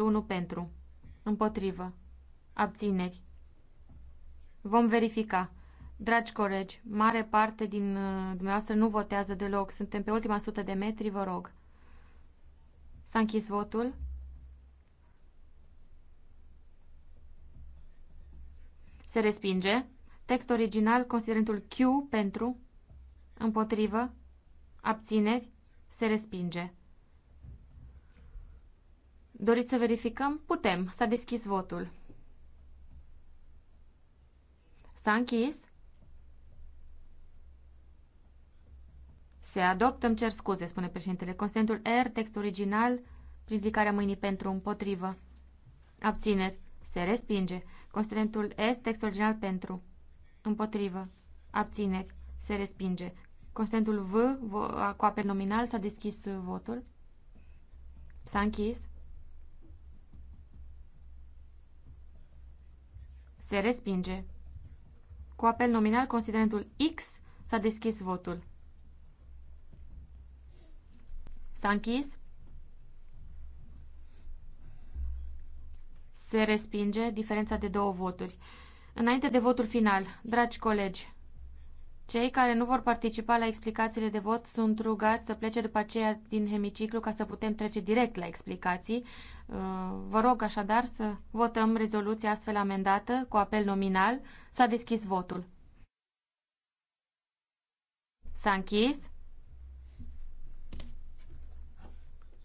1 pentru. Împotrivă. Abțineri. Vom verifica. Dragi colegi, mare parte din uh, dumneavoastră nu votează deloc. Suntem pe ultima sută de metri, vă rog. S-a închis votul. Se respinge. Text original, considerentul Q pentru, împotrivă, abțineri, se respinge. Doriți să verificăm? Putem. S-a deschis votul. S-a închis. Se adoptă, îmi cer scuze, spune președintele. Consentul R, text original, prin ridicarea mâinii pentru împotrivă. Abțineri. Se respinge. Consentul S, text original pentru împotrivă. Abțineri. Se respinge. Consentul v, cu apel nominal, s-a deschis votul. S-a închis. Se respinge. Cu apel nominal, considerentul X s-a deschis votul. S-a închis. Se respinge diferența de două voturi. Înainte de votul final, dragi colegi, cei care nu vor participa la explicațiile de vot sunt rugați să plece după aceea din hemiciclu ca să putem trece direct la explicații. Uh, vă rog așadar să votăm rezoluția astfel amendată cu apel nominal. S-a deschis votul. S-a închis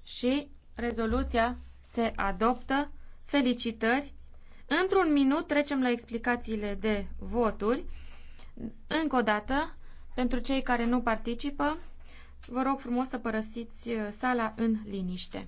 și rezoluția se adoptă. Felicitări! Într-un minut trecem la explicațiile de voturi. Încă o dată, pentru cei care nu participă, vă rog frumos să părăsiți uh, sala în liniște.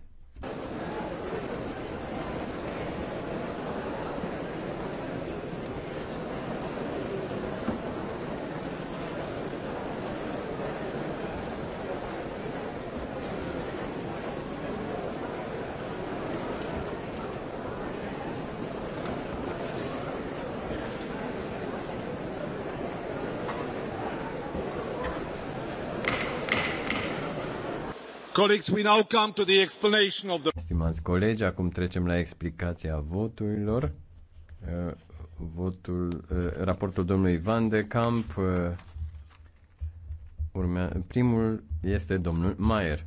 Stimați colegi, acum trecem la explicația voturilor. Uh, votul, uh, raportul domnului Van de Camp, uh, urmea, primul este domnul Mayer.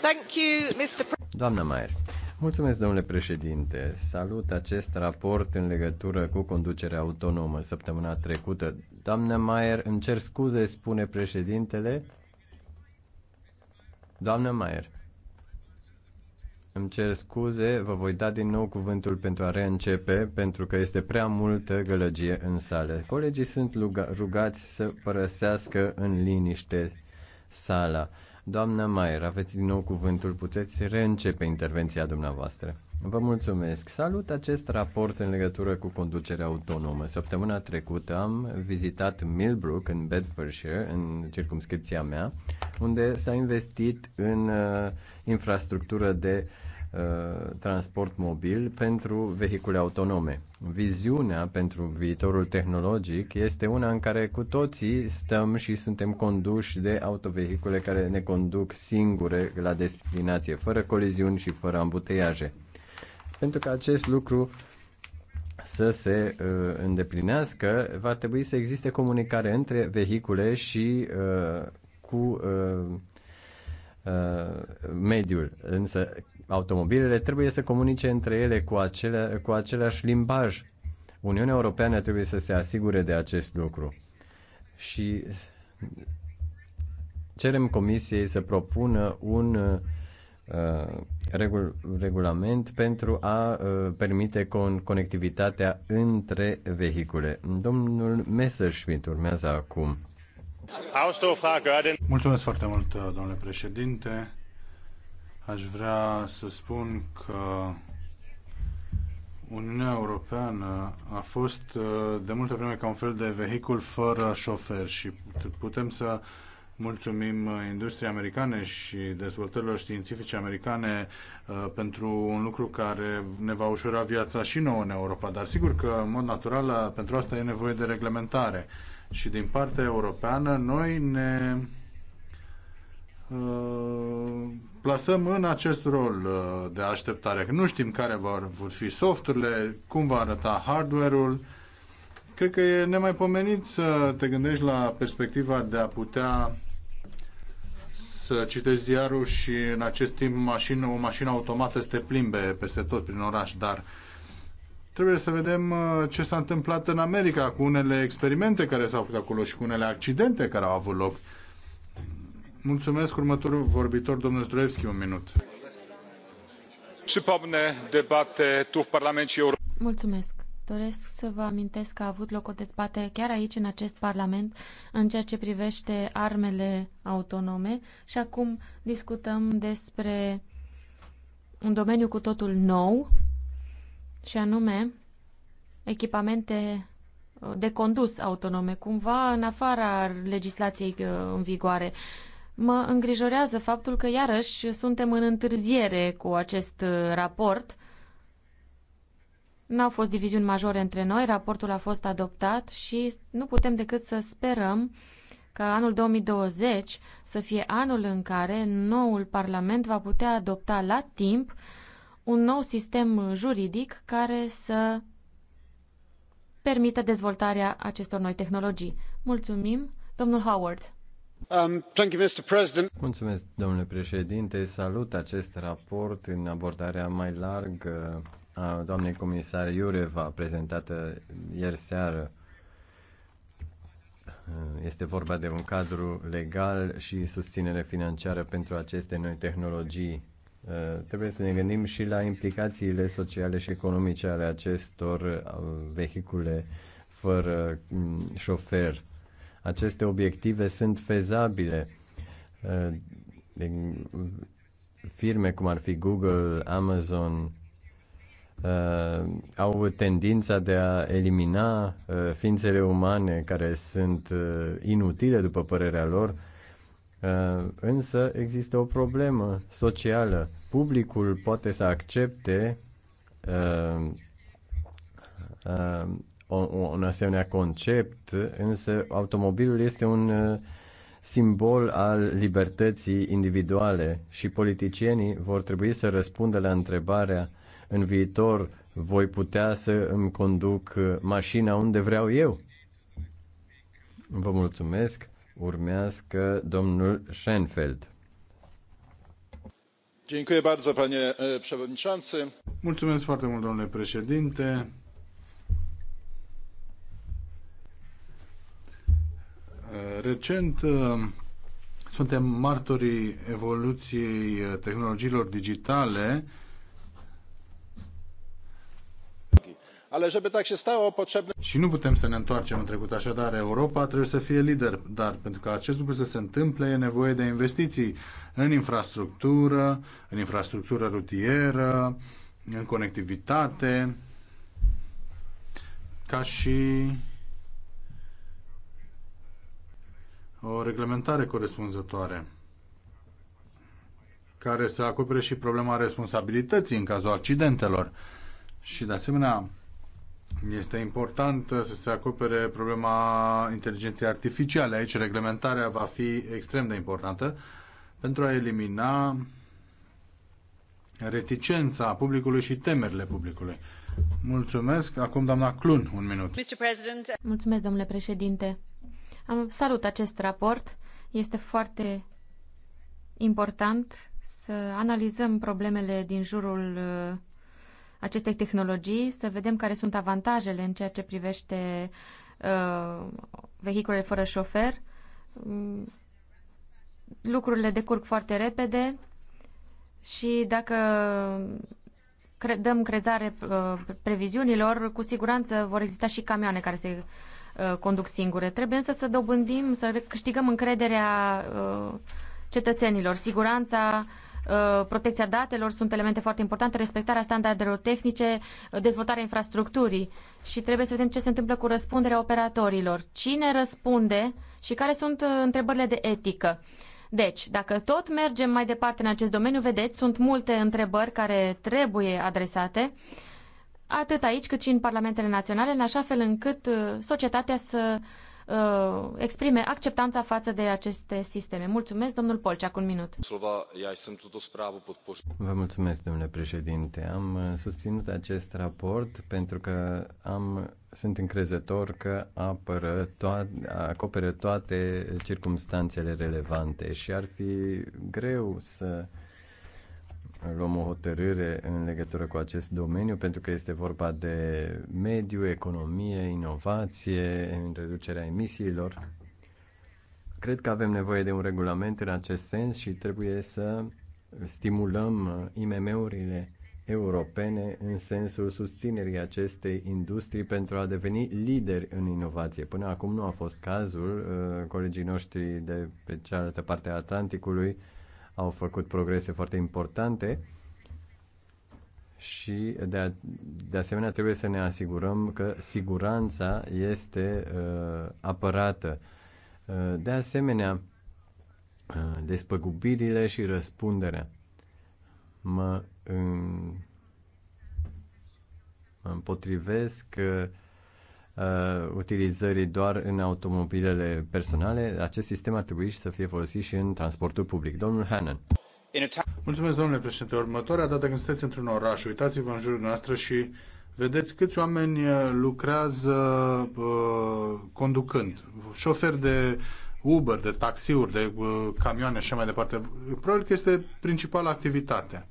Thank you, Mr. Doamna Mayer. Mulțumesc, domnule președinte. Salut acest raport în legătură cu conducerea autonomă. Săptămâna trecută, Doamna Maier, îmi cer scuze, spune președintele. Doamna Maier, îmi cer scuze, vă voi da din nou cuvântul pentru a reîncepe, pentru că este prea multă gălăgie în sală. Colegii sunt rugați să părăsească în liniște sala. Doamna Maier, aveți din nou cuvântul, puteți reîncepe intervenția dumneavoastră. Vă mulțumesc. Salut acest raport în legătură cu conducerea autonomă. Săptămâna trecută am vizitat Millbrook în Bedfordshire, în circumscripția mea, unde s-a investit în uh, infrastructură de uh, transport mobil pentru vehicule autonome. Viziunea pentru viitorul tehnologic este una în care cu toții stăm și suntem conduși de autovehicule care ne conduc singure la destinație, fără coliziuni și fără ambuteiaje pentru că acest lucru să se uh, îndeplinească, va trebui să existe comunicare între vehicule și uh, cu uh, uh, mediul. Însă automobilele trebuie să comunice între ele cu, acelea, cu același limbaj. Uniunea Europeană trebuie să se asigure de acest lucru. Și cerem Comisiei să propună un uh, Uh, regul, regulament pentru a uh, permite con, conectivitatea între vehicule. Domnul Messerschmidt urmează acum. Mulțumesc foarte mult, uh, domnule președinte. Aș vrea să spun că Uniunea Europeană a fost de multă vreme ca un fel de vehicul fără șofer și putem să uh, Mulțumim uh, industriei americane și dezvoltărilor științifice americane uh, pentru un lucru care ne va ușura viața și nouă în Europa, dar sigur că, în mod natural, uh, pentru asta e nevoie de reglementare. Și din partea europeană, noi ne plasăm în acest rol de așteptare. Nu știm care vor, fi softurile, cum va arăta hardware-ul, Cred că e nemaipomenit să te gândești la perspectiva de a putea să citești ziarul și în acest timp mașină, o mașină automată să te plimbe peste tot prin oraș, dar trebuie să vedem uh, ce s-a întâmplat în America cu unele experimente care s-au făcut acolo și cu unele accidente care au avut loc. Mulțumesc. Următorul vorbitor, domnul Zdroevski, un minut. Przypomnę debatę tu w Parlamencie Europejskim. Mulțumesc. Doresc să vă amintesc că a avut loc o dezbatere chiar aici, în acest Parlament, în ceea ce privește armele autonome și acum discutăm despre un domeniu cu totul nou și anume echipamente uh, de condus autonome, cumva în afara legislației uh, în vigoare. Mă îngrijorează faptul că iarăși suntem în întârziere cu acest uh, raport N-au fost diviziuni majore între noi, raportul a fost adoptat și nu putem decât să sperăm ca anul 2020 să fie anul în care noul Parlament va putea adopta la timp un nou sistem juridic care să permită dezvoltarea acestor noi tehnologii. Mulțumim, domnul Howard. Um, thank you, Mr. President. Mulțumesc, domnule președinte. Salut acest raport în abordarea mai largă a doamnei comisar Iureva, prezentată uh, ieri seară. Uh, este vorba de un cadru legal și susținere financiară pentru aceste noi tehnologii. Uh, trebuie să ne gândim și la implicațiile sociale și economice ale acestor vehicule fără mm, șofer. Aceste obiective sunt fezabile. Firme cum ar fi Google, Amazon, uh, au tendința de a elimina uh, ființele umane care sunt uh, inutile, după părerea lor. Uh, însă există o problemă socială. Publicul poate să accepte uh, uh, un asemenea concept, însă automobilul este un uh, simbol al libertății individuale și politicienii vor trebui să răspundă la întrebarea în viitor voi putea să îmi conduc mașina unde vreau eu? Vă mulțumesc. Urmează domnul Schenfeld. Mulțumesc foarte mult, domnule președinte. Recent uh, suntem martorii evoluției uh, tehnologiilor digitale Și nu putem să ne întoarcem în trecut, așadar Europa trebuie să fie lider, dar pentru ca acest lucru să se întâmple e nevoie de investiții în infrastructură, în infrastructură rutieră, în conectivitate, ca și o reglementare corespunzătoare care să acopere și problema responsabilității în cazul accidentelor. Și de asemenea, este important să se acopere problema inteligenței artificiale. Aici reglementarea va fi extrem de importantă pentru a elimina reticența publicului și temerile publicului. Mulțumesc. Acum doamna Clun, un minut. Mulțumesc, domnule președinte. Am salut acest raport. Este foarte important să analizăm problemele din jurul uh, acestei tehnologii, să vedem care sunt avantajele în ceea ce privește uh, vehiculele fără șofer. Mm, lucrurile decurg foarte repede și dacă dăm crezare uh, previziunilor, cu siguranță vor exista și camioane care se Uh, conduc singure. Trebuie însă să dobândim, să câștigăm încrederea uh, cetățenilor. Siguranța, uh, protecția datelor sunt elemente foarte importante, respectarea standardelor tehnice, dezvoltarea infrastructurii și trebuie să vedem ce se întâmplă cu răspunderea operatorilor. Cine răspunde și care sunt întrebările de etică. Deci, dacă tot mergem mai departe în acest domeniu, vedeți, sunt multe întrebări care trebuie adresate. Uh, atât aici cât și în parlamentele naționale, în așa fel încât uh, societatea să uh, exprime acceptanța față de aceste sisteme. Mulțumesc, domnul cu un minut. Vă mulțumesc, domnule președinte. Am uh, susținut acest raport pentru că am, sunt încrezător că apără toate, acoperă toate circumstanțele relevante și ar fi greu să luăm o hotărâre în legătură cu acest domeniu, pentru că este vorba de mediu, economie, inovație, în reducerea emisiilor. Cred că avem nevoie de un regulament în acest sens și trebuie să stimulăm IMM-urile europene în sensul susținerii acestei industrii pentru a deveni lideri în inovație. Până acum nu a fost cazul. Uh, colegii noștri de pe cealaltă parte a Atlanticului au făcut progrese foarte importante și de, a, de asemenea trebuie să ne asigurăm că siguranța este uh, apărată. Uh, de asemenea, uh, despăgubirile și răspunderea. Mă, în, mă împotrivesc uh, uh, utilizării doar în automobilele personale. Acest sistem ar trebui să fie folosit și în transportul public. Domnul Hannan. Mulțumesc, domnule președinte. Următoarea dată când sunteți într-un oraș, uitați-vă în jurul noastră și vedeți câți oameni uh, lucrează uh, conducând. Șoferi de Uber, de taxiuri, de uh, camioane și așa mai departe. Probabil că este principala activitate.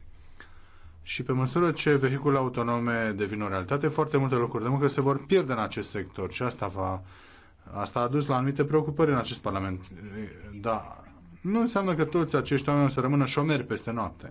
Și pe măsură ce vehicule autonome devin o realitate, foarte multe locuri de muncă se vor pierde în acest sector și asta va asta a dus la anumite preocupări în acest parlament. Da, nu înseamnă că toți acești oameni o să rămână șomeri peste noapte.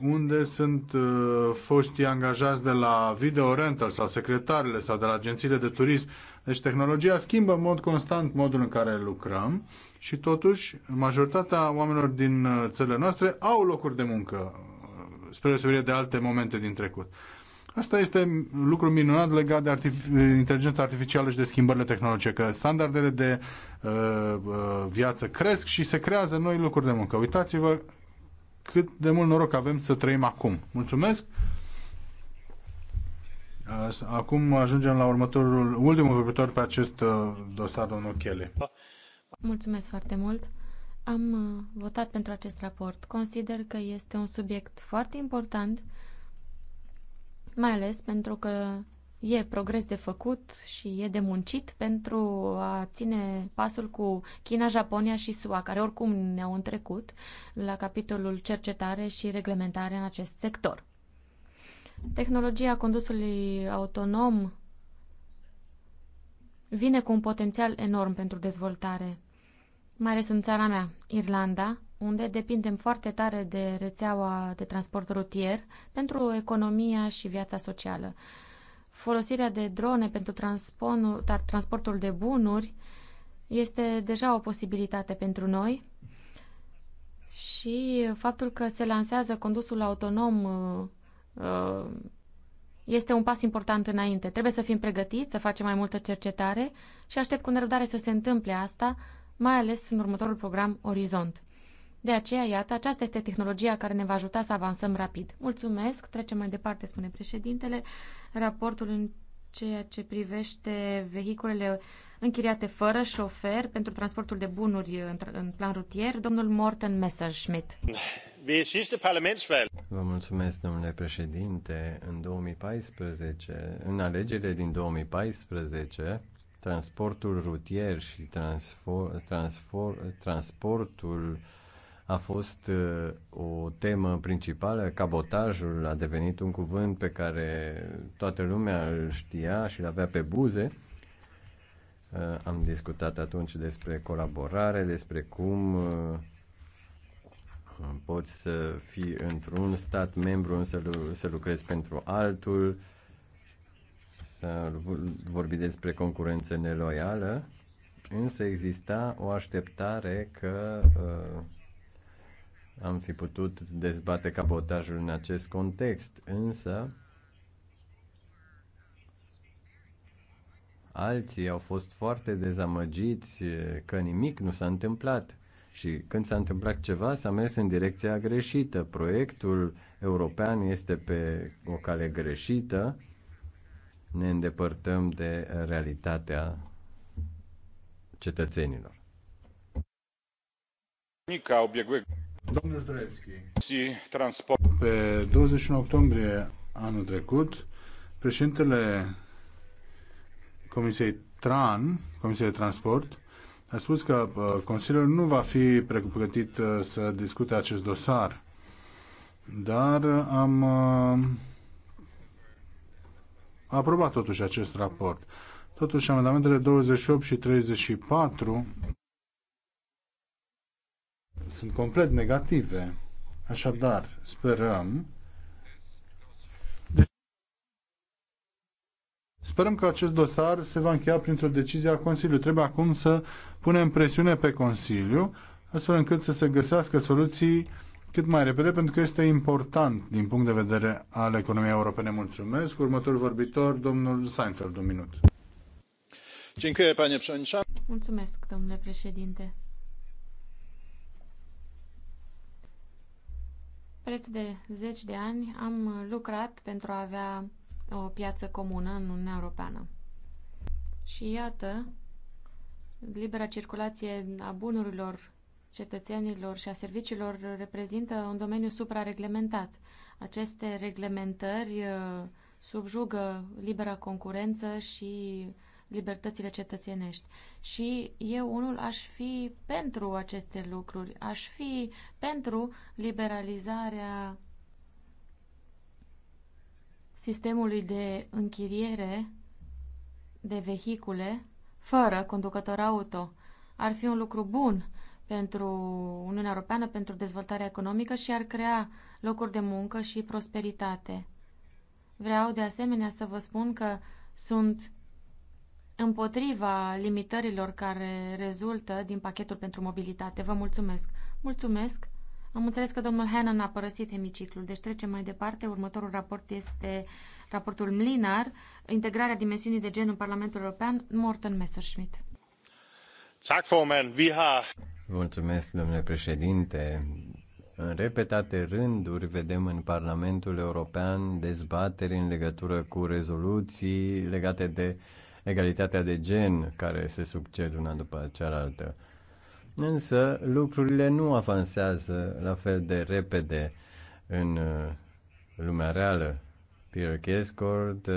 Unde sunt uh, foștii angajați de la video rental sau secretarele sau de la agențiile de turism? Deci tehnologia schimbă în mod constant modul în care lucrăm și totuși majoritatea oamenilor din uh, țările noastre au locuri de muncă, uh, spre deosebire de alte momente din trecut. Asta este lucru minunat legat de artific- inteligența artificială și de schimbările tehnologice, că standardele de uh, uh, viață cresc și se creează noi locuri de muncă. Uitați-vă cât de mult noroc avem să trăim acum. Mulțumesc! Acum ajungem la următorul, ultimul vorbitor pe acest uh, dosar, domnul Chele. Mulțumesc foarte mult. Am uh, votat pentru acest raport. Consider că este un subiect foarte important, mai ales pentru că e progres de făcut și e de muncit pentru a ține pasul cu China, Japonia și SUA, care oricum ne-au întrecut la capitolul cercetare și reglementare în acest sector. Tehnologia condusului autonom vine cu un potențial enorm pentru dezvoltare, mai ales în țara mea, Irlanda, unde depindem foarte tare de rețeaua de transport rutier pentru economia și viața socială. Folosirea de drone pentru transportul de bunuri este deja o posibilitate pentru noi și faptul că se lansează condusul autonom uh, Uh, este un pas important înainte. Trebuie să fim pregătiți, să facem mai multă cercetare și aștept cu nerăbdare să se întâmple asta, mai ales în următorul program Orizont. De aceea, iată, aceasta este tehnologia care ne va ajuta să avansăm rapid. Mulțumesc, trecem mai departe, spune președintele, raportul în ceea ce privește vehiculele închiriate fără șofer pentru transportul de bunuri în plan rutier, domnul Morten Messerschmidt. Vă mulțumesc, domnule președinte. În 2014, în alegerile din 2014, transportul rutier și transfor, transfor, transportul a fost uh, o temă principală. Cabotajul a devenit un cuvânt pe care toată lumea îl știa și îl avea pe buze Uh, am discutat atunci despre colaborare, despre cum uh, uh, poți să fii într-un stat membru, însă să lucrezi pentru altul, să vorbi despre concurență neloială, însă exista o așteptare că am fi putut dezbate cabotajul în acest context, însă Alții au fost foarte dezamăgiți că nimic nu s-a întâmplat. Și când s-a întâmplat ceva, s-a mers în direcția greșită. Proiectul european este pe o cale greșită. Ne îndepărtăm de realitatea cetățenilor. Domnul transport pe 21 octombrie anul trecut, președintele Comisiei TRAN, Comisiei de Transport, a spus că uh, Consiliul nu va fi pregătit uh, să discute acest dosar, dar am uh, aprobat totuși acest raport. Totuși, amendamentele 28 și 34 sunt complet negative. Așadar, sperăm Sperăm că acest dosar se va încheia printr-o decizie a Consiliului. Trebuie acum să punem presiune pe Consiliu, astfel încât să se găsească soluții cât mai repede, pentru că este important din punct de vedere al economiei europene. Mulțumesc. Următorul vorbitor, domnul Seinfeld, un minut. Mulțumesc, domnule președinte. Preț de zeci de ani am lucrat pentru a avea o piață comună în Uniunea Europeană. Și iată, libera circulație a bunurilor cetățenilor și a serviciilor reprezintă un domeniu suprareglementat. Aceste reglementări uh, subjugă libera concurență și libertățile cetățenești. Și eu unul aș fi pentru aceste lucruri, aș fi pentru liberalizarea sistemului de închiriere de vehicule fără conducător auto. Ar fi un lucru bun pentru Uniunea Europeană, pentru dezvoltarea economică și ar crea locuri de muncă și prosperitate. Vreau de asemenea să vă spun că sunt împotriva limitărilor care rezultă din pachetul pentru mobilitate. Vă mulțumesc! Mulțumesc! Am înțeles că domnul Hannan a părăsit hemiciclul, deci trecem mai departe. Următorul raport este raportul Mlinar, integrarea dimensiunii de gen în Parlamentul European, Morten Messerschmidt. Mulțumesc, domnule președinte. În repetate rânduri vedem în Parlamentul European dezbateri în legătură cu rezoluții legate de egalitatea de gen care se succed una după cealaltă. Însă lucrurile nu avansează la fel de repede în uh, lumea reală. Pierre Gescord uh,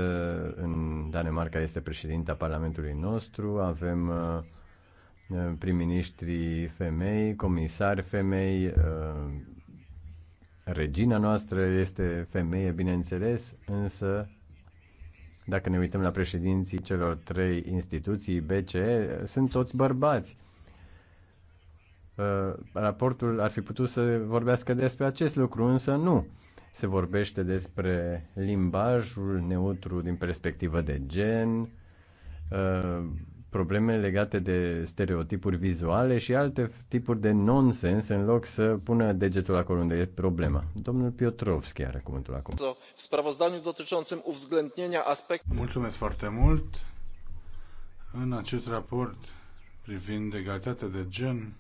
în Danemarca este președinta Parlamentului nostru, avem uh, prim-ministri femei, comisari femei, regina noastră este femeie, bineînțeles, însă dacă ne uităm la președinții celor trei instituții BCE, sunt toți bărbați Uh, raportul ar fi putut să vorbească despre acest lucru, însă nu. Se vorbește despre limbajul neutru din perspectivă de gen, uh, probleme legate de stereotipuri vizuale și alte tipuri de nonsens în loc să pună degetul acolo unde e problema. Domnul Piotrovski are cuvântul acum. Mulțumesc foarte mult. În acest raport privind egalitatea de gen,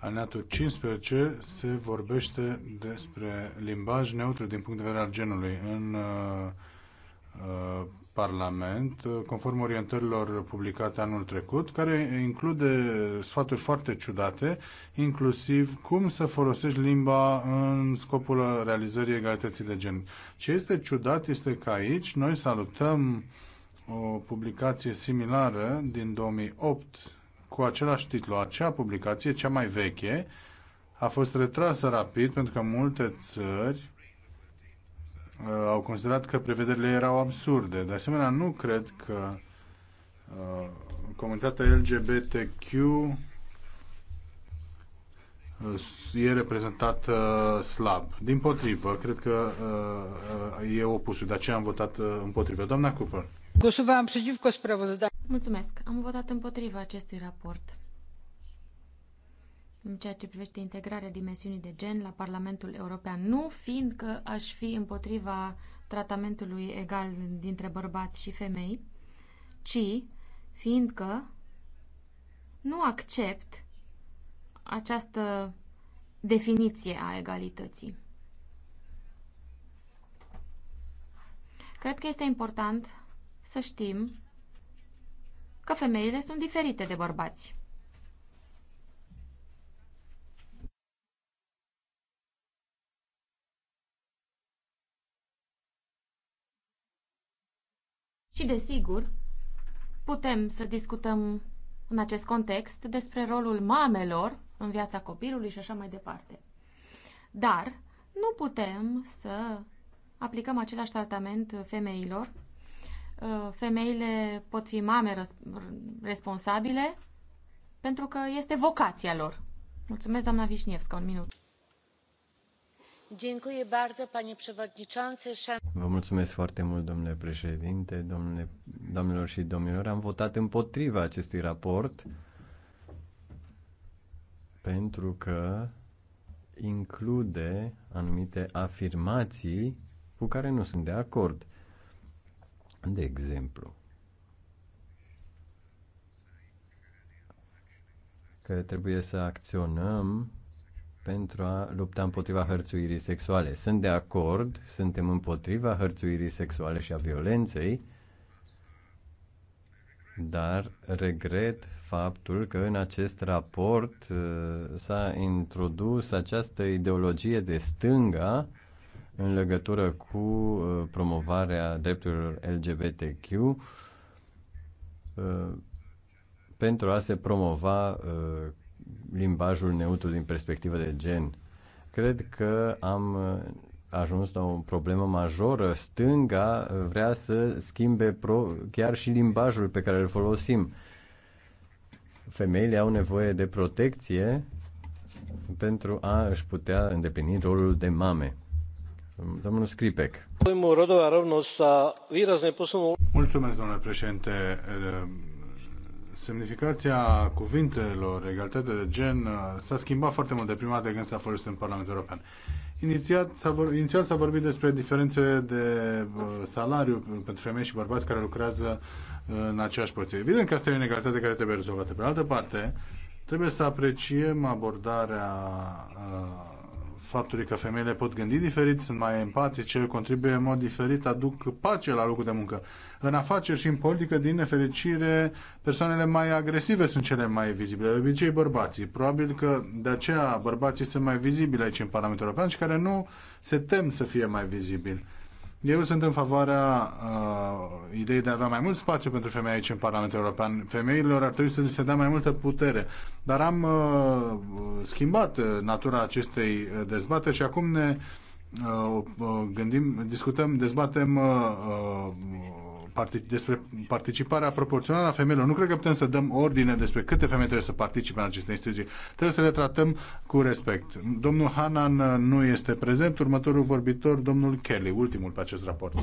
alineatul 15 se vorbește despre limbaj neutru din punct de vedere al genului în uh, uh, Parlament, uh, conform orientărilor publicate anul trecut, care include sfaturi foarte ciudate, inclusiv cum să folosești limba în scopul realizării egalității de gen. Ce este ciudat este că aici noi salutăm o publicație similară din 2008 cu același titlu. Acea publicație, cea mai veche, a fost retrasă rapid pentru că multe țări uh, au considerat că prevederile erau absurde. De asemenea, nu cred că uh, comunitatea LGBTQ uh, e reprezentat uh, slab. Din potrivă, cred că uh, uh, e opusul, de aceea am votat uh, împotrivă. Doamna Cooper. Mulțumesc. Am votat împotriva acestui raport. În ceea ce privește integrarea dimensiunii de gen la Parlamentul European, nu fiindcă aș fi împotriva tratamentului egal dintre bărbați și femei, ci fiindcă nu accept această definiție a egalității. Cred că este important să știm că femeile sunt diferite de bărbați. Și, desigur, putem să discutăm în acest context despre rolul mamelor în viața copilului și așa mai departe. Dar nu putem să aplicăm același tratament femeilor Uh, femeile pot fi mame responsabile pentru că este vocația lor. Mulțumesc, doamna Vișnievska, un minut. Vă mulțumesc foarte mult, domnule președinte, domnule, domnilor și domnilor. Am votat împotriva acestui raport pentru că include anumite afirmații cu care nu sunt de acord de exemplu, că trebuie să acționăm pentru a lupta împotriva hărțuirii sexuale. Sunt de acord, suntem împotriva hărțuirii sexuale și a violenței, dar regret faptul că în acest raport uh, s-a introdus această ideologie de stânga în legătură cu uh, promovarea drepturilor LGBTQ uh, pentru a se promova uh, limbajul neutru din perspectivă de gen. Cred că am ajuns la o problemă majoră. Stânga vrea să schimbe pro, chiar și limbajul pe care îl folosim. Femeile au nevoie de protecție pentru a își putea îndeplini rolul de mame domnule președinte. Semnificația cuvintelor egalitate de gen s-a schimbat foarte mult de prima dată când s-a folosit în Parlamentul European. Inițial s-a, vorbit despre diferențele de uh, salariu pentru femei și bărbați care lucrează în aceeași poziție. Evident că asta e o inegalitate care trebuie rezolvată. Pe altă parte, trebuie să apreciem abordarea uh, faptului că femeile pot gândi diferit, sunt mai empatice, contribuie în mod diferit, aduc pace la locul de muncă. În afaceri și în politică, din nefericire, persoanele mai agresive sunt cele mai vizibile, de obicei bărbații. Probabil că de aceea bărbații sunt mai vizibili aici în Parlamentul European și care nu se tem să fie mai vizibili eu sunt în favoarea uh, ideii de a avea mai mult spațiu pentru femei aici în Parlamentul European. Femeilor ar trebui să se dea mai multă putere. Dar am uh, schimbat uh, natura acestei uh, dezbateri și acum ne uh, uh, gândim, discutăm, dezbatem uh, uh, partic- despre participarea proporțională a femeilor. Nu cred că putem să dăm ordine despre câte femei trebuie să participe în aceste instituții. Trebuie să le tratăm cu respect. Domnul Hanan uh, nu este prezent. Următorul vorbitor, domnul Kelly, ultimul pe acest raport.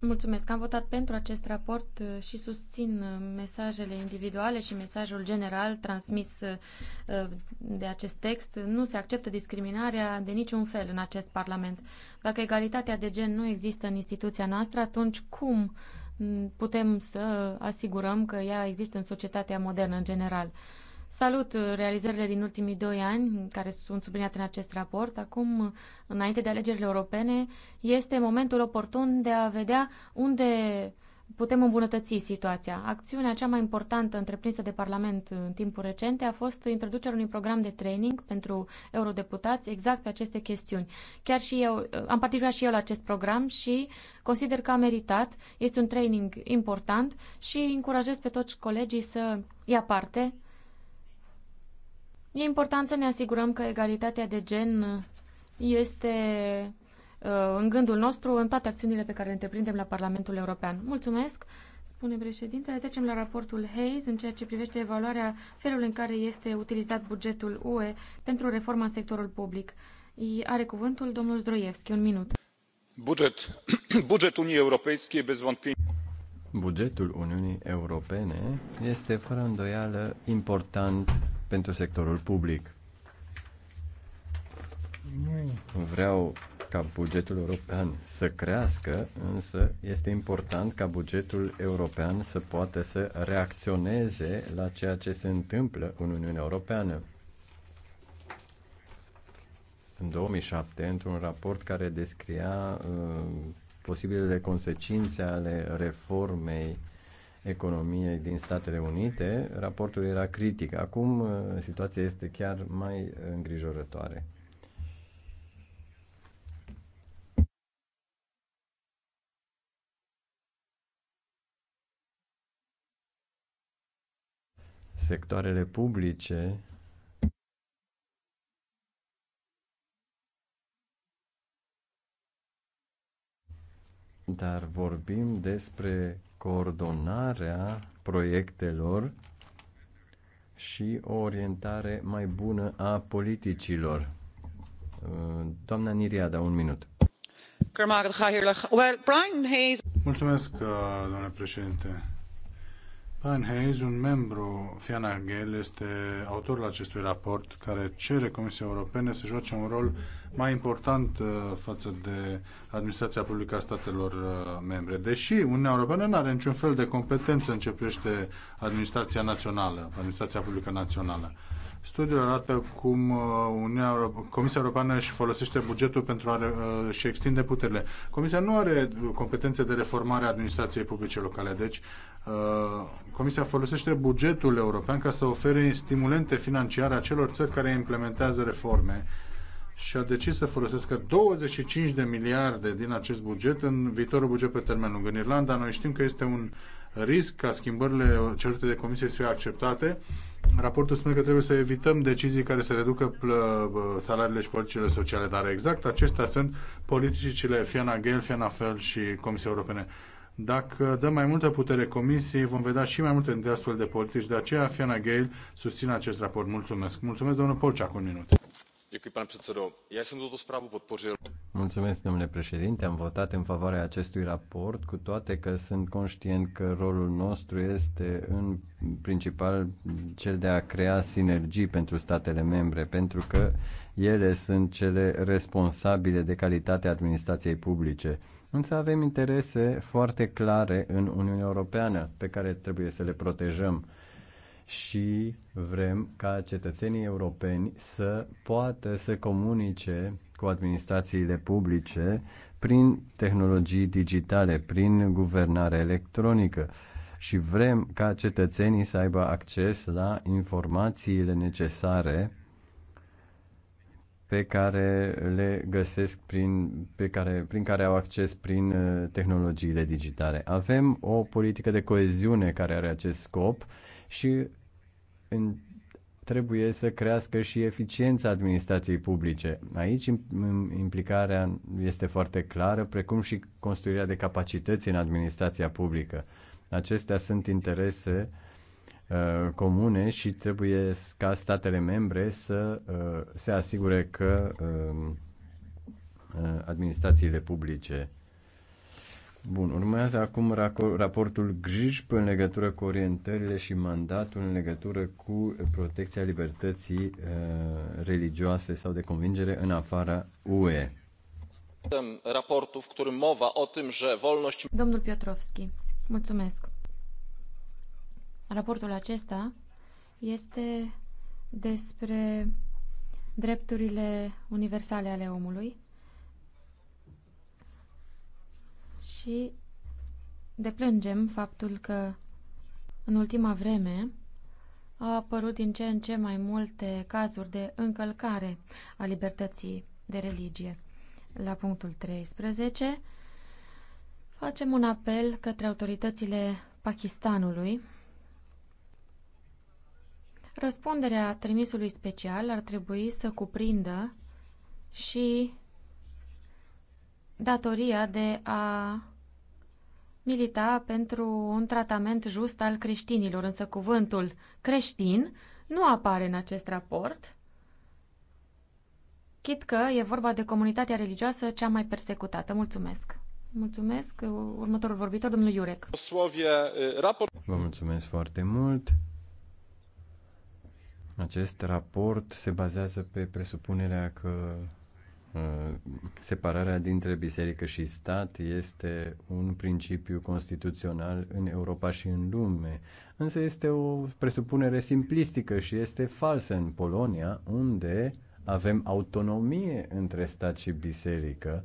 Mulțumesc. Am votat pentru acest raport uh, și susțin uh, mesajele individuale și mesajul general transmis uh, de acest text. Nu se acceptă discriminarea de niciun fel în acest Parlament. Dacă egalitatea de gen nu există în instituția noastră, atunci cum mm, putem să asigurăm că ea există în societatea modernă în general? Salut uh, realizările din ultimii doi ani care sunt subliniate în acest raport. Acum, uh, înainte de alegerile europene, este momentul oportun de a vedea unde putem îmbunătăți situația. Acțiunea cea mai importantă întreprinsă de Parlament în timpul recente a fost introducerea unui program de training pentru eurodeputați exact pe aceste chestiuni. Chiar și eu uh, am participat și eu la acest program și consider că a meritat. Este un training important și încurajez pe toți colegii să ia parte E important să ne asigurăm că egalitatea de gen este uh, în gândul nostru în toate acțiunile pe care le întreprindem la Parlamentul European. Mulțumesc, spune președintele. Trecem la raportul Hayes în ceea ce privește evaluarea felului în care este utilizat bugetul UE pentru reforma în sectorul public. Are cuvântul domnul Zdroievski. Un minut. Buget, bugetul Unii Europeiske bez Bugetul Uniunii Europene este fără îndoială important pentru sectorul public. Vreau ca bugetul european să crească, însă este important ca bugetul european să poată să reacționeze la ceea ce se întâmplă în Uniunea Europeană. În 2007, într-un raport care descria uh, posibilele consecințe ale reformei economiei din Statele Unite, raportul era critic. Acum uh, situația este chiar mai îngrijorătoare. Sectoarele publice dar vorbim despre coordonarea proiectelor și o orientare mai bună a politicilor. Doamna Niriada, un minut. Mulțumesc, uh, domnule președinte. Pan Hayes, un membru Fiana Gel, este autorul acestui raport care cere Comisiei Europene să joace un rol mai important uh, față de administrația publică a statelor uh, membre. Deși Uniunea Europeană nu are niciun fel de competență în ce privește administrația națională, administrația publică națională. Studiul arată cum uh, Uniunea Europe- Comisia Europeană își folosește bugetul pentru a uh, și extinde puterile. Comisia nu are competențe de reformare a administrației publice locale, deci uh, Comisia folosește bugetul european ca să ofere stimulente financiare a celor țări care implementează reforme și a decis să folosească 25 de miliarde din acest buget în viitorul buget pe termen lung. În Irlanda noi știm că este un risc ca schimbările cerute de comisie să fie acceptate Raportul spune că trebuie să evităm decizii care să reducă uh, salariile și politicile sociale, dar exact acestea sunt politicile Fiana Gel, Fiana Fel și Comisia Europene. Dacă dăm mai multă putere comisiei, vom vedea și mai multe de astfel de politici. De aceea, Fiana Gale susține acest raport. Mulțumesc. Mulțumesc, domnul Polcea, cu un minut. Mulțumesc, domnule președinte. Am votat în favoarea acestui raport, cu toate că sunt conștient că rolul nostru este în principal cel de a crea sinergii pentru statele membre, pentru că ele sunt cele responsabile de calitatea administrației publice. Însă avem interese foarte clare în Uniunea Europeană pe care trebuie să le protejăm și vrem ca cetățenii europeni să poată să comunice cu administrațiile publice prin tehnologii digitale, prin guvernare electronică și vrem ca cetățenii să aibă acces la informațiile necesare pe care le găsesc prin, pe care, prin care au acces prin uh, tehnologiile digitale. Avem o politică de coeziune care are acest scop și în, trebuie să crească și eficiența administrației publice. Aici implicarea este foarte clară, precum și construirea de capacități în administrația publică. Acestea sunt interese uh, comune și trebuie ca statele membre să uh, se asigure că um, uh, administrațiile publice Bun, urmează acum raportul Grijp în legătură cu orientările și mandatul în legătură cu protecția libertății uh, religioase sau de convingere în afara UE. Raportul, în care mowa o tym, że wolność... Domnul Piotrowski, mulțumesc. Raportul acesta este despre drepturile universale ale omului și deplângem faptul că în ultima vreme au apărut din ce în ce mai multe cazuri de încălcare a libertății de religie. La punctul 13 facem un apel către autoritățile Pakistanului. Răspunderea trimisului special ar trebui să cuprindă și datoria de a milita pentru un tratament just al creștinilor, însă cuvântul creștin nu apare în acest raport, chit că e vorba de comunitatea religioasă cea mai persecutată. Mulțumesc! Mulțumesc. Următorul vorbitor, domnul Iurec. Vă mulțumesc foarte mult. Acest raport se bazează pe presupunerea că Uh, separarea dintre biserică și stat este un principiu constituțional în Europa și în lume, însă este o presupunere simplistică și este falsă în Polonia, unde avem autonomie între stat și biserică,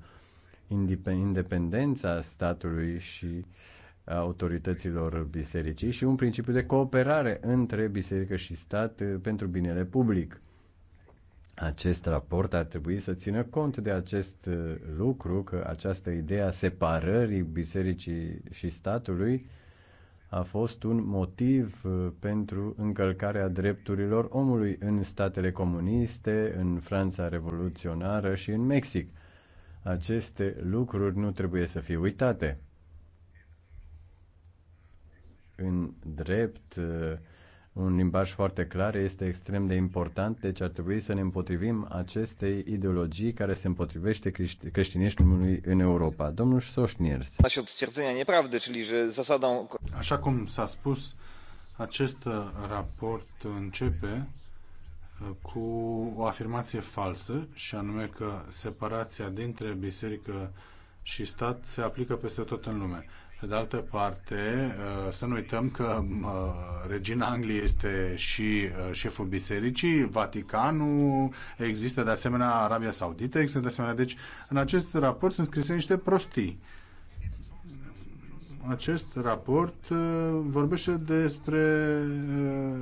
independența statului și autorităților bisericii și un principiu de cooperare între biserică și stat uh, pentru binele public acest raport ar trebui să țină cont de acest uh, lucru, că această idee a separării bisericii și statului a fost un motiv uh, pentru încălcarea drepturilor omului în statele comuniste, în Franța revoluționară și în Mexic. Aceste lucruri nu trebuie să fie uitate. În drept, uh, un limbaj foarte clar este extrem de important, deci ar trebui să ne împotrivim acestei ideologii care se împotrivește creștinismului în Europa. Domnul Soșniers. Așa cum s-a spus, acest raport începe uh, cu o afirmație falsă și anume că separația dintre biserică și stat se aplică peste tot în lume. Pe de altă parte, uh, să nu uităm că uh, regina Angliei este și uh, șeful bisericii, Vaticanul, există de asemenea Arabia Saudită, există de asemenea. Deci, în acest raport sunt scrise niște prostii acest raport uh, vorbește despre uh,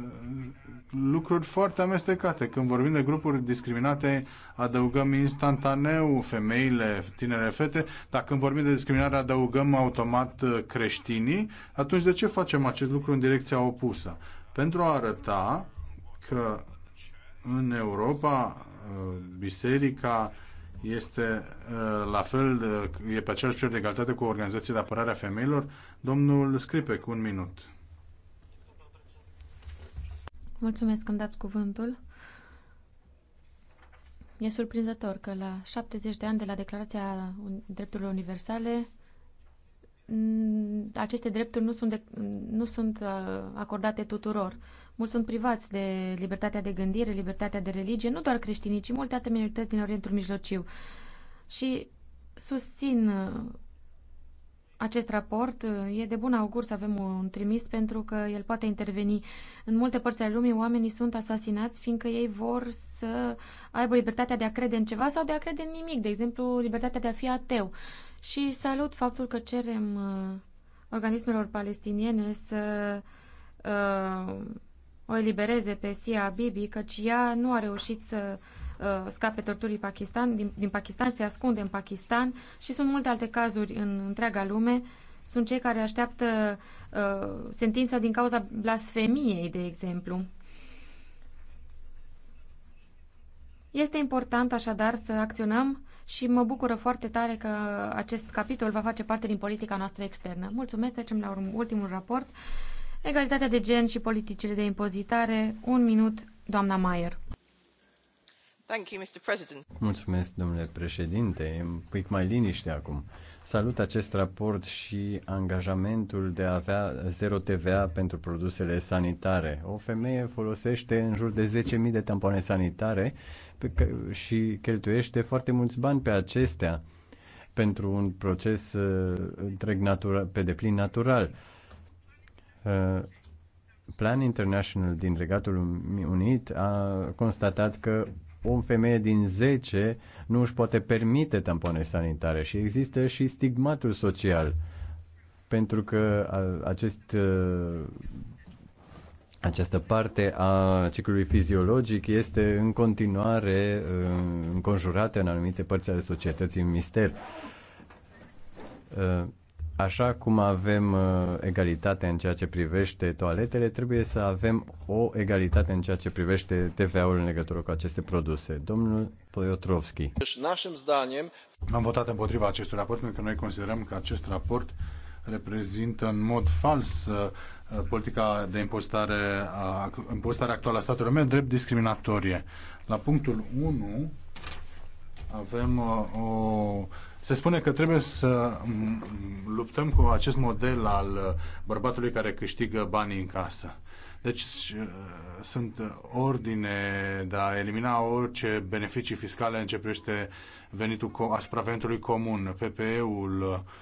lucruri foarte amestecate. Când vorbim de grupuri discriminate, adăugăm instantaneu femeile, tinere, fete. Dacă când vorbim de discriminare, adăugăm automat uh, creștinii. Atunci de ce facem acest lucru în direcția opusă? Pentru a arăta că în Europa biserica este uh, la fel, uh, e pe același fel de egalitate cu organizații de apărare a femeilor. Domnul Scripec, un minut. Mulțumesc că îmi dați cuvântul. E surprinzător că la 70 de ani de la Declarația Drepturilor Universale Mm, aceste drepturi nu sunt, de, nu sunt uh, acordate tuturor. Mulți sunt privați de libertatea de gândire, libertatea de religie, nu doar creștinii, ci multe alte minorități din Orientul Mijlociu. Și susțin uh, acest raport. E de bun augur să avem un trimis pentru că el poate interveni. În multe părți ale lumii oamenii sunt asasinați fiindcă ei vor să aibă libertatea de a crede în ceva sau de a crede în nimic, de exemplu libertatea de a fi ateu. Uh, și salut faptul că cerem uh, organismelor palestiniene să uh, o elibereze pe Sia Bibi, căci ea nu a reușit să uh, scape torturii Pakistan, din, din Pakistan și se ascunde în Pakistan și sunt multe alte cazuri în întreaga lume. Sunt cei care așteaptă uh, sentința din cauza blasfemiei, de exemplu. Este important așadar să acționăm și mă bucură foarte tare că acest capitol va face parte din politica noastră externă. Mulțumesc, trecem la ultimul raport. Egalitatea de gen și politicile de impozitare. Un minut, doamna Mayer. Mulțumesc, domnule președinte. E un pic mai liniște acum. Salut acest raport și angajamentul de a avea zero TVA pentru produsele sanitare. O femeie folosește în jur de 10.000 de tampoane sanitare și cheltuiește foarte mulți bani pe acestea pentru un proces uh, întreg natural, pe deplin natural. Uh, Plan International din Regatul Unit a constatat că o femeie din 10 nu își poate permite tampoane sanitare și există și stigmatul social pentru că uh, acest această parte a ciclului fiziologic este în continuare uh, înconjurată în anumite părți ale societății în mister. Uh, așa cum avem uh, egalitate în ceea ce privește toaletele, trebuie să avem o egalitate în ceea ce privește TVA-ul în legătură cu aceste produse. Domnul Poiotrovski. Deci, Am votat împotriva acestui raport pentru că noi considerăm că acest raport reprezintă în mod fals politica de impozitare, a, impostare actuală a statului membre drept discriminatorie. La punctul 1 avem uh, o se spune că trebuie să luptăm cu acest model al bărbatului care câștigă banii în casă. Deci uh, sunt ordine de a elimina orice beneficii fiscale începește venitul asupra venitului comun. PPE-ul uh,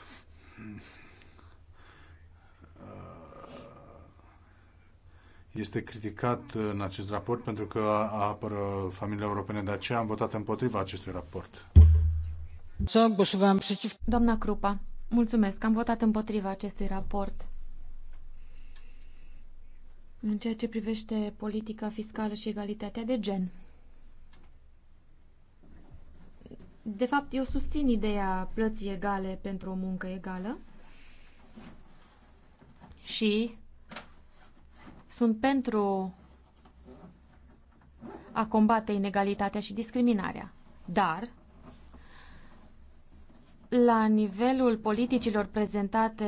este criticat în acest raport pentru că apără familia europene. De aceea am votat împotriva acestui raport. Doamna Crupa, mulțumesc. Am votat împotriva acestui raport. În ceea ce privește politica fiscală și egalitatea de gen. De fapt, eu susțin ideea plății egale pentru o muncă egală și sunt pentru a combate inegalitatea și discriminarea, dar la nivelul politicilor prezentate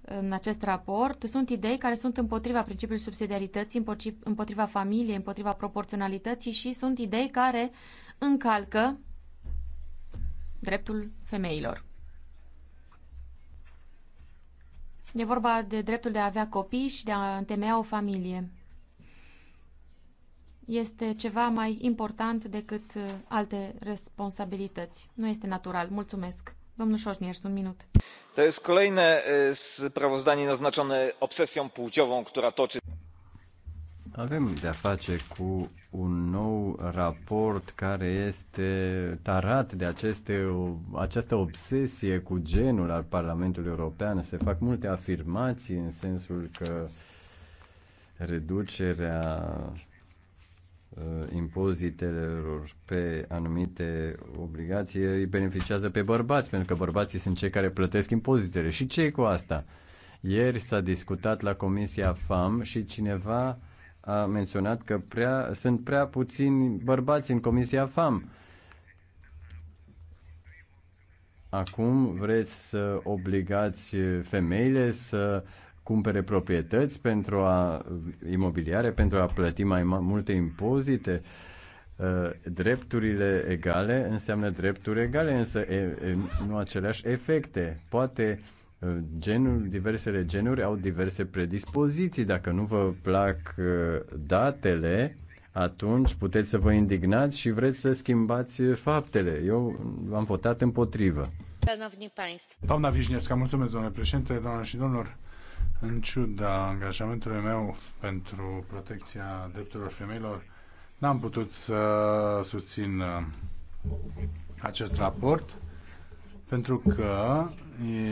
în acest raport sunt idei care sunt împotriva principiului subsidiarității, împotriva familiei, împotriva proporționalității și sunt idei care încalcă dreptul femeilor. E vorba de dreptul de a avea copii și de a întemeia o familie. Este ceva mai important decât uh, alte responsabilități. Nu este natural. Mulțumesc. Domnul Șoșniers, un minut. To jest kolejne sprawozdanie naznaczone obsesją płciową, która toczy. Avem de-a face cu un nou raport care este tarat de aceste, această obsesie cu genul al Parlamentului European. Se fac multe afirmații în sensul că reducerea uh, impozitelor pe anumite obligații îi beneficiază pe bărbați, pentru că bărbații sunt cei care plătesc impozitele. Și ce e cu asta? Ieri s-a discutat la Comisia FAM și cineva a menționat că prea, sunt prea puțini bărbați în Comisia FAM. Acum vreți să obligați femeile să cumpere proprietăți pentru a imobiliare, pentru a plăti mai multe impozite. Drepturile egale înseamnă drepturi egale, însă e, e, nu aceleași efecte. Poate uh, Uh, genul, diversele genuri au diverse predispoziții. Dacă nu vă plac uh, datele, atunci puteți să vă indignați și vreți să schimbați faptele. Eu am votat împotrivă. Doamna Vișnevska, mulțumesc, domnule președinte, doamna și domnilor. În ciuda angajamentului meu pentru protecția drepturilor femeilor, n-am putut să susțin uh, acest raport pentru că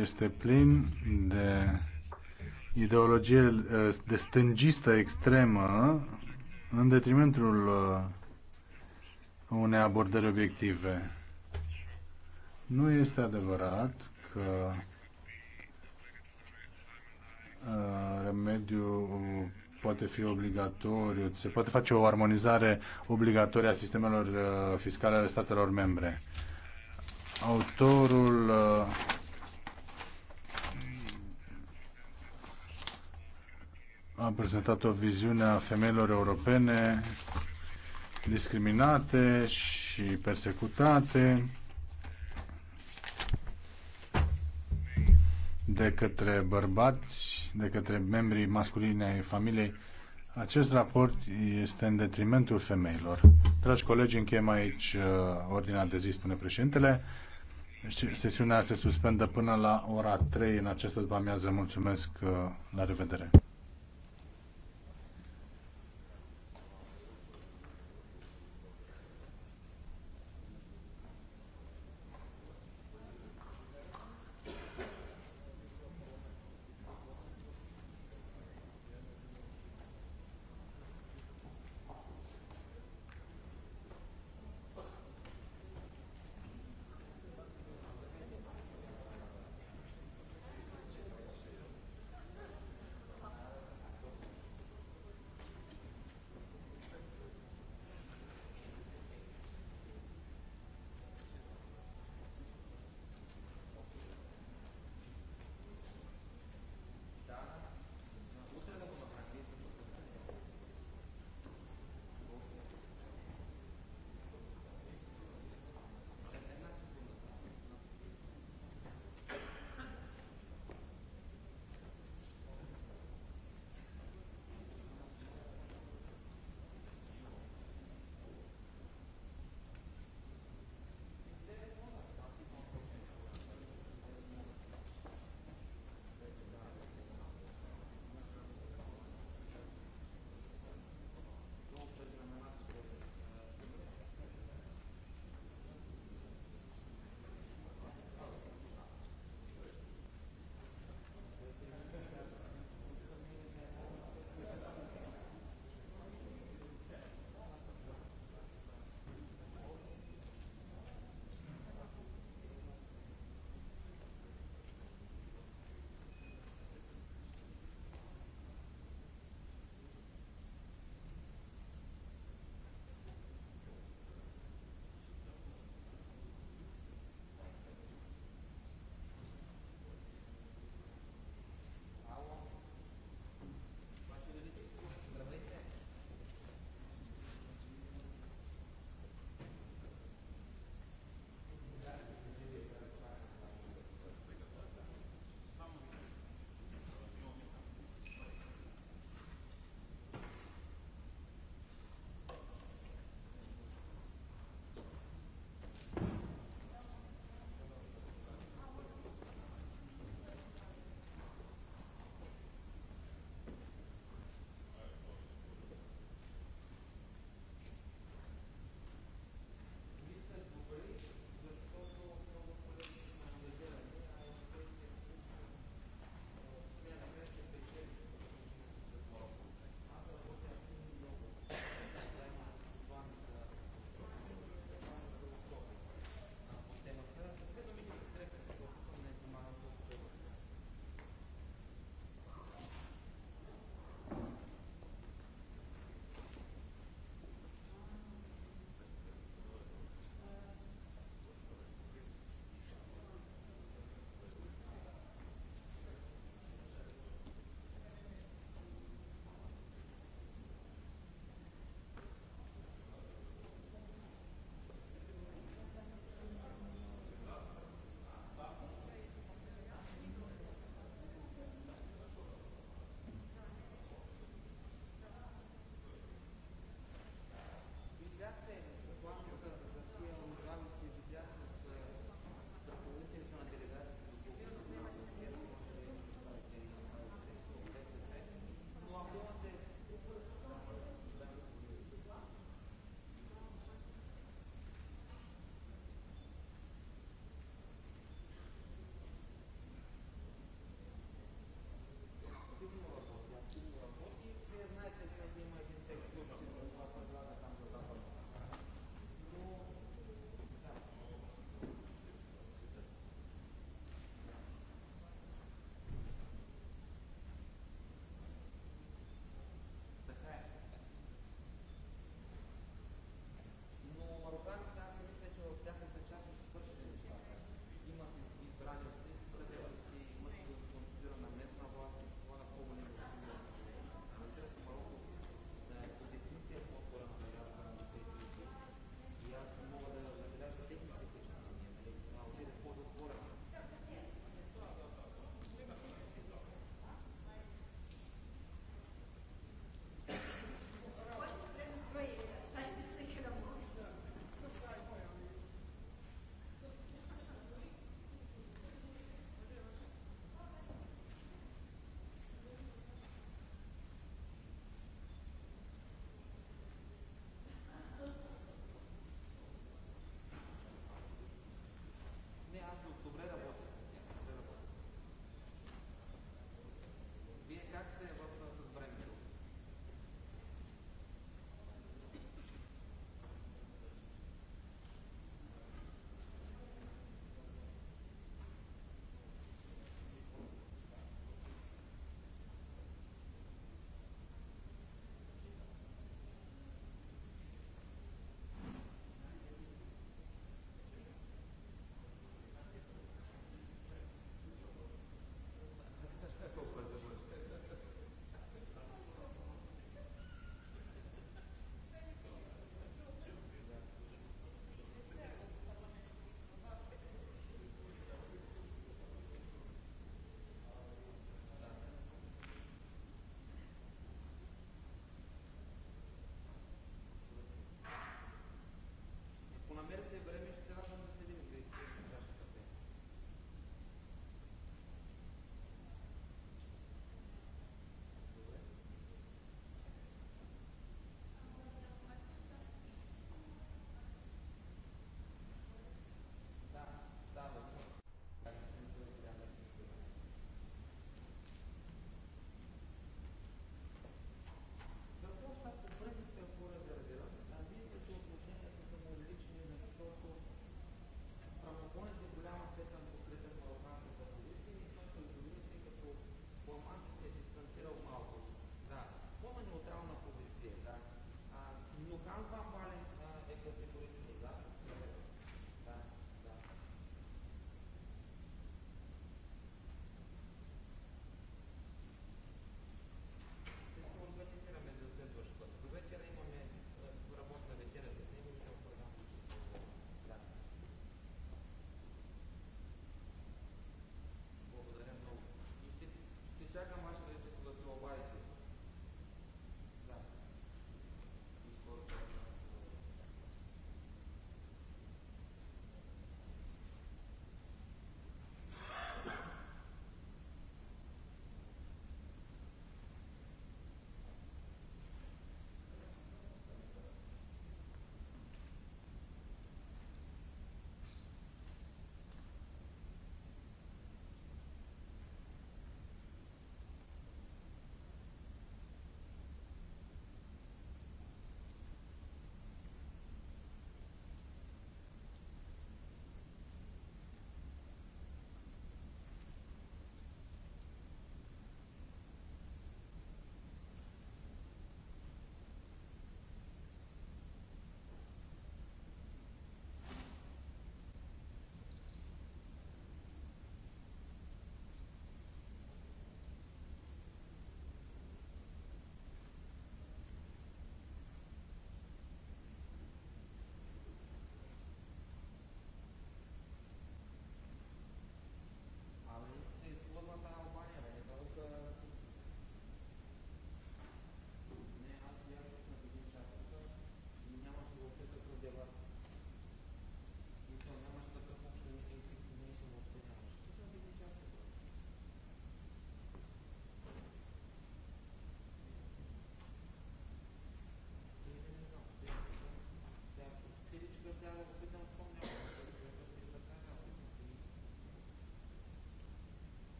este plin de ideologie uh, de stângistă extremă în detrimentul uh, unei abordări obiective. Nu este adevărat că uh, remediul poate fi obligatoriu, se poate face o armonizare obligatorie a sistemelor fiscale ale statelor membre. Autorul uh, a prezentat o viziune a femeilor europene discriminate și persecutate de către bărbați, de către membrii masculini ai familiei acest raport este în detrimentul femeilor. Dragi colegi, încheiem aici uh, ordinea de zi, spune președintele. Sesiunea se suspendă până la ora 3 în această după amiază. Mulțumesc, uh, la revedere!